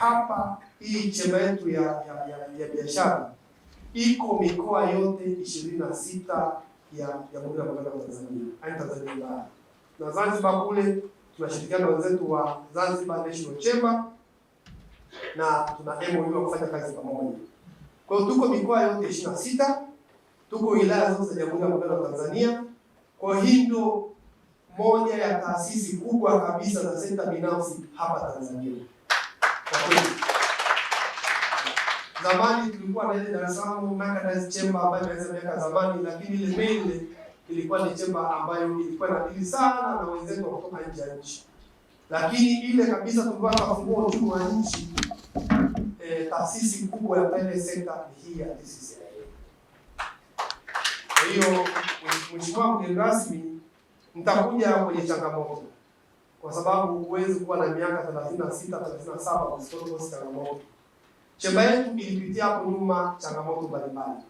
hapa hii chemba yetu ya, ya, ya, ya biashara iko mikoa yote ishirini na sita ya Jamhuri ya Muungano wa Tanzania, yaani Tanzania bara na Zanzibar kule tunashirikiana na wenzetu wa Zanzibar National Chamber na tuna MOU kufanya kazi pamoja. Kwa hiyo tuko mikoa yote ishirini na sita, tuko wilaya zote za Jamhuri ya Muungano wa Tanzania. Kwa hiyo hii ndio moja ya taasisi kubwa kabisa za sekta binafsi hapa Tanzania. Zamani tulikuwa na ile Dar es Salaam Merchandise Chamber ambayo inaweza miaka zamani, lakini ile mainly ilikuwa ni chamber ambayo ilikuwa inadili sana na wenzetu wa kutoka nje ya nchi, lakini ile kabisa tulipata kufungua uchumi wa nchi. Eh, taasisi kubwa ya private sector ni hii ya TCCIA. Kwa hiyo mheshimiwa mgeni rasmi, mtakuja kwenye changamoto kwa sababu huwezi kuwa na miaka 36 37 usipokosa changamoto. Chemba yetu ilipitia hapo nyuma changamoto mbalimbali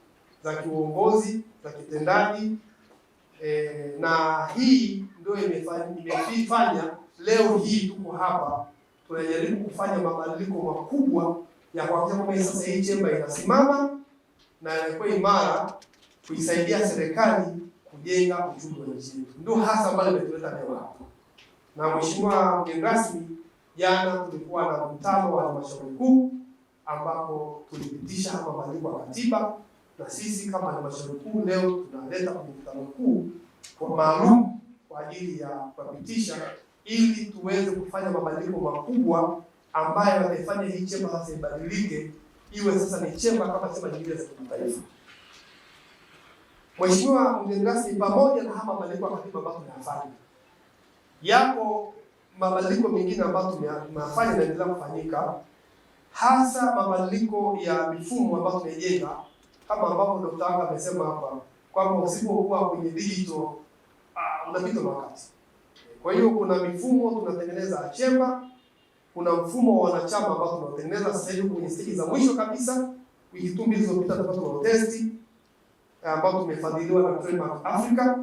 za kiuongozi, za kitendaji e, na hii ndio imefanya leo hii tuko hapa tunajaribu kufanya mabadiliko makubwa ya kuhakikisha kwamba sasa hii chemba inasimama na inakuwa imara kuisaidia serikali kujenga uchumi wa nchi yetu. Ndio hasa ambayo imetuleta leo hapa. Na mheshimiwa mgeni rasmi, jana tulikuwa na mkutano wa halmashauri kuu ambapo tulipitisha mabadiliko ya katiba, na sisi kama halmashauri kuu leo tunaleta kwenye mkutano mkuu kwa maalum kwa ajili ya kupitisha ili tuweze kufanya mabadiliko makubwa ambayo yataifanya hii chemba sasa ibadilike iwe sasa ni chemba kama chemba nyingine za kimataifa. Mheshimiwa mgeni rasmi, pamoja na haya mabadiliko ya katiba ambayo tunayafanya Yapo mabadiliko mengine ambayo tunafanya naendelea kufanyika, hasa mabadiliko ya mifumo ambayo tumejenga, kama ambavyo Dkt. Anga amesema hapa kwamba usipokuwa kwenye digital uh, ah, unapita wakati. Kwa hiyo kuna mifumo tunatengeneza chemba, kuna mfumo wa wanachama ambao tunatengeneza sasa hivi kwenye stiki za mwisho kabisa. Wiki tu mbili zilizopita tunapata testi eh, ambao tumefadhiliwa na Trademark Africa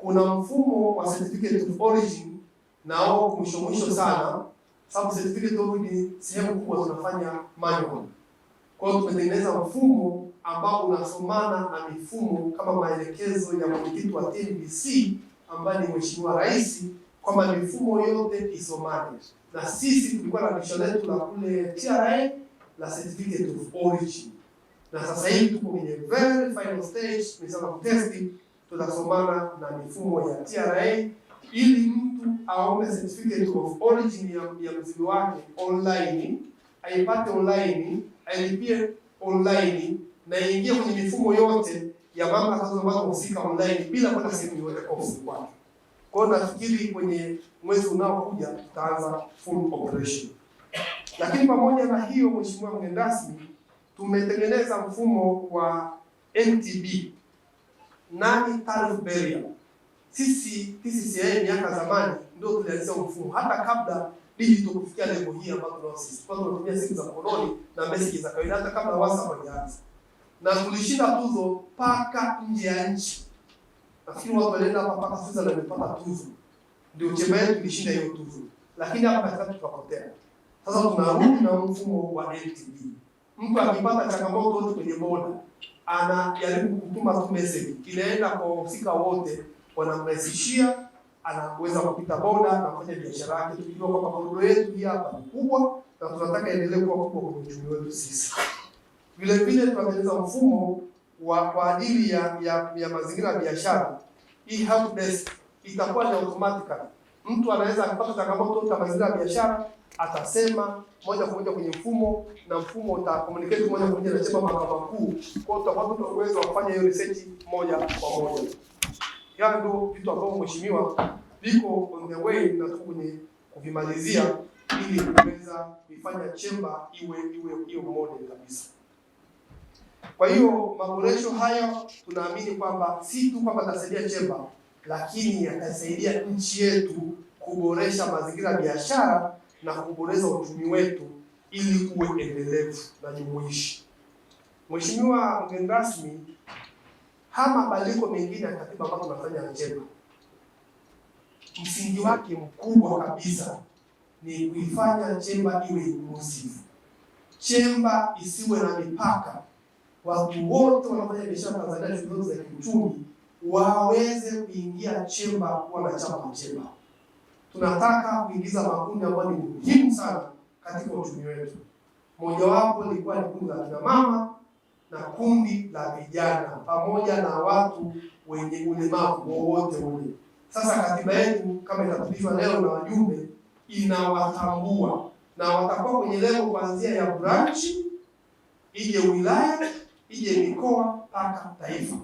kuna mfumo wa certificate of origin nao mwisho mwisho sana, sababu certificate of origin sehemu kubwa tunafanya manual. Kwa hiyo tumetengeneza mfumo ambao unasomana na mifumo kama maelekezo ya mwenyekiti wa TBC ambaye ni Mheshimiwa Rais kwamba mifumo yote isomane, na sisi tulikuwa na misho letu la kule TRA la certificate of origin, na sasa hivi tuko kwenye very final stage, tunasema testing tutasomana na mifumo ya TRA ili mtu aone certificate of origin ya, ya mzigo wake online, aipate online, ailipie online na iingie kwenye mifumo yote ya mama sasa mama zinazohusika online bila kwenda sehemu yoyote ofisini kwake. Kwa hiyo nafikiri kwenye mwezi unaokuja tutaanza full operation. Lakini pamoja na hiyo, Mheshimiwa mgeni rasmi, tumetengeneza mfumo wa NTB nani tarifu beria. Sisi TCCIA miaka zamani ndio tulianzisha mfumo hata kabla digital kufikia level hii ambayo tunao sisi. Kwa sababu tunatumia simu za mkononi na message za kawaida hata kabla WhatsApp haijaanza. Na tulishinda tuzo paka nje ya nchi. Nafikiri watu walienda hapa paka sasa na wamepata tuzo. Ndio chembe tulishinda hiyo tuzo. Lakini hapa katikati tukapotea. Sasa tunarudi na mfumo wa NTB. Mtu akipata changamoto kwenye boda anajaribu kutuma tu message inaenda kwa wahusika wote, wanamrahisishia, anaweza kupita boda na kufanya biashara yake, tukijua kwamba magodoro yetu hii hapa ni kubwa na tunataka endelee kuwa kubwa kwenye uchumi wetu sisi. Vile vile tunatengeneza mfumo wa kwa ajili ya, ya, ya mazingira ya biashara. Hii help desk itakuwa ni automatically, mtu anaweza akapata changamoto katika mazingira ya biashara atasema moja kwa moja kwenye mfumo na mfumo uta communicate moja kwa moja na chemba mahakama kuu. Kwa hiyo tutakuwa tuna uwezo wa kufanya hiyo research moja kwa moja. Hiyo ndio vitu ambavyo mheshimiwa viko on the way na tuko kwenye kuvimalizia ili kuweza kuifanya chemba iwe iwe hiyo model kabisa. Kwa hiyo maboresho haya tunaamini kwamba si tu kwamba tasaidia chemba, lakini yatasaidia nchi yetu kuboresha mazingira ya biashara na kuboresha uchumi wetu ili uwe endelevu na jumuishi. Mheshimiwa mgeni rasmi, haya mabadiliko mengine ya katiba ambayo tunafanya Njema, msingi wake mkubwa kabisa ni kuifanya Chemba iwe inclusive, Chemba isiwe na mipaka. Watu wote wanaofanya biashara Tanzania, shughuli za kiuchumi, waweze kuingia Chemba, wanachama wa Chemba tunataka kuingiza makundi ambayo ni muhimu sana katika uchumi wetu. Mojawapo ilikuwa ni kundi la kina mama na kundi la vijana pamoja na watu wenye ulemavu wowote ule. Sasa katiba yetu kama inapitishwa leo na wajumbe, inawatambua na watakuwa kwenye lengo kuanzia ya branch ije wilaya ije mikoa mpaka taifa.